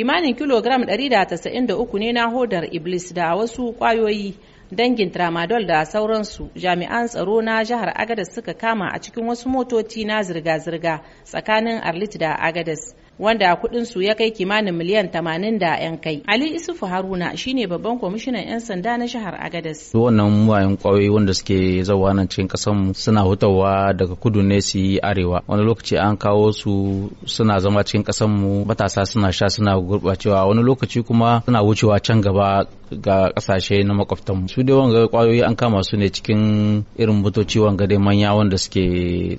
kimanin kilogram 193 ne na hodar iblis da wasu kwayoyi dangin tramadol da sauransu jami'an tsaro na jihar agadas suka kama a cikin wasu motoci na zirga-zirga tsakanin arlit da agadas wanda kuɗin su ya kai kimanin miliyan tamanin da 'yan kai. Ali Isufu Haruna shine babban kwamishinan 'yan sanda na jihar Agadez. Wannan wayan kwayoyi wanda suke zauwa nan cikin kasan suna hutawa daga kudu ne su yi arewa. Wani lokaci an kawo su suna zama cikin kasan mu matasa suna sha suna gurɓacewa wani lokaci kuma suna wucewa can gaba ga kasashe na makwabtan su dai wanga kwayoyi an kama su ne cikin irin motoci wanga dai manya wanda suke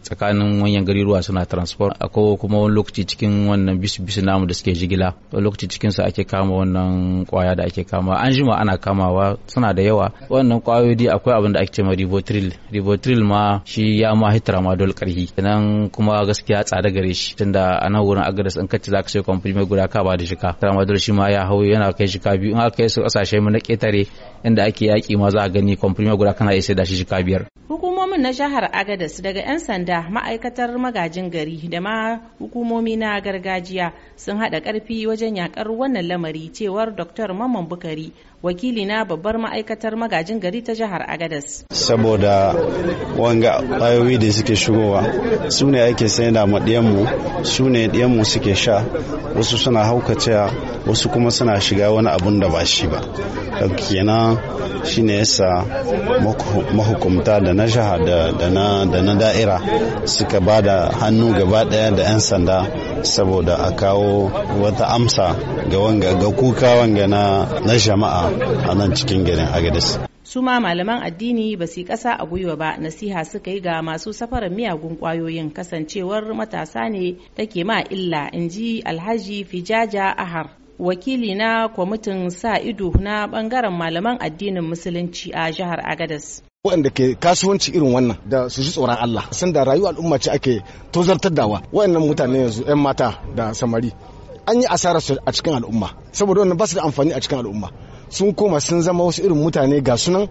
tsakanin manyan gariruwa suna transport akwai kuma wani lokaci cikin wannan wannan bisu-bisu namu da suke jigila a lokaci cikin su ake kama wannan kwaya da ake kama an jima ana kamawa suna da yawa wannan kwayoyi akwai abin da ake cewa ribotril ribotril ma shi ya ma hitara ma dole karhi sannan kuma gaskiya tsada gare shi tunda a nan wurin agadas in kace zaka sai mai guda ka ba da shika tramadol dole shi ma ya hau yana kai shika biyu in aka kai su kasashe mu na ketare inda ake yaki ma za a gani mai guda kana iya sai da shi shika biyar hukumomin na jihar agadas daga 'yan sanda ma'aikatar magajin gari da ma hukumomi na gargajiya sun hada karfi wajen yakar wannan lamari cewar dr mamman bukari wakili na babbar ma'aikatar magajin gari ta jihar agadas saboda wanga ƙwayoyi da suke shigowa su ne ake sayar da mu su ne ɗiyanmu suke sha wasu suna haukacewa wasu kuma suna shiga wani abun da ba shi ba kenan shine yasa mahukumta da na shaha da na da'ira suka ba da hannu gaba daya da 'yan sanda saboda a kawo wata amsa ga wanga ga kuka wanga na jama'a a nan cikin garin agadis suma malaman addini ba su kasa a gwiwa ba nasiha suka yi ga masu safarar miyagun kwayoyin kasancewar matasa ne take ma illa in ji alhaji fijaja ahar wakili na kwamitin sa ido na bangaren malaman addinin musulunci a jihar Agadas. waɗanda ke kasuwanci irin wannan da su ji tsoron Allah san da rayuwa al'umma ce ake tozartar dawa waɗannan mutane yanzu 'yan mata da samari an yi asarar a cikin al'umma saboda wannan ba su da amfani a cikin al'umma sun koma sun zama wasu irin mutane ga sunan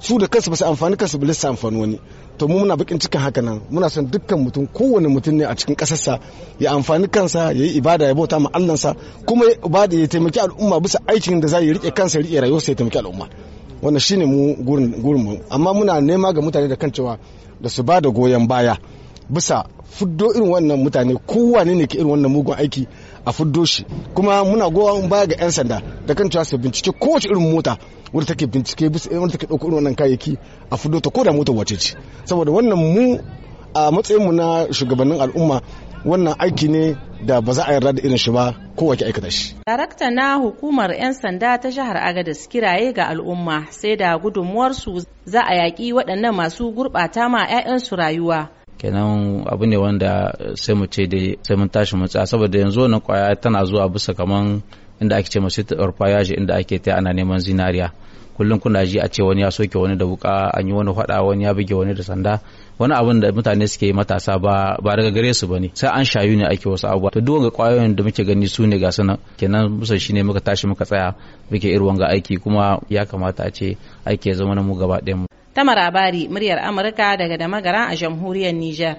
su da kansu basu amfani kansu ba su amfani wani to mu muna bakin cikin haka nan muna son dukkan mutum kowane mutum ne a cikin kasarsa ya amfani kansa ya yi ibada ya bauta ma Allahnsa kuma ya ibada ya taimaki al'umma bisa aikin da za ya rike kansa ya rike rayuwarsa ya taimaki al'umma wannan shine mu gurin mu amma muna nema ga mutane da kan cewa da su bada goyon baya bisa fuddo irin wannan mutane kowane ne ke irin wannan mugun aiki a fuddo shi kuma muna goyon baya ga 'yan sanda da kan cewa su bincike kowace irin mota wadda take bincike bisa wadda take ɗauko irin wannan kayayyaki a fuddo ta koda mota wace ce saboda wannan mu a matsayin mu na shugabannin al'umma wannan aiki ne da ba za a yarda da irin shi ba ko kowace aikata shi. Darakta na hukumar 'yan sanda ta jihar Agadez kiraye ga al'umma sai da gudunmuwarsu za a yaki waɗannan masu gurɓata ma 'ya'yansu rayuwa. kenan abu ne wanda eh, sai mu ce da sai mun tashi mu tsaya saboda yanzu wannan kwaya tana zuwa bisa kaman inda ake ce masu orpayaji inda ake ta ana neman zinariya kullum kuna ji a ce wani ya soke wani da wuka an yi wani fada wani ya buge wani da sanda wani abin da mutane suke matasa ba ba daga gare su bane sai an shayu ne ake wasu abubuwa to duk wanga kwayoyin da muke gani su ne ga su nan kenan musan shine muka tashi muka tsaya muke irin wanga aiki kuma ya kamata a ce aiki ya zama na mu gaba ɗayan mu ta marabari muryar Amurka daga Damagara a jamhuriyar Nijar.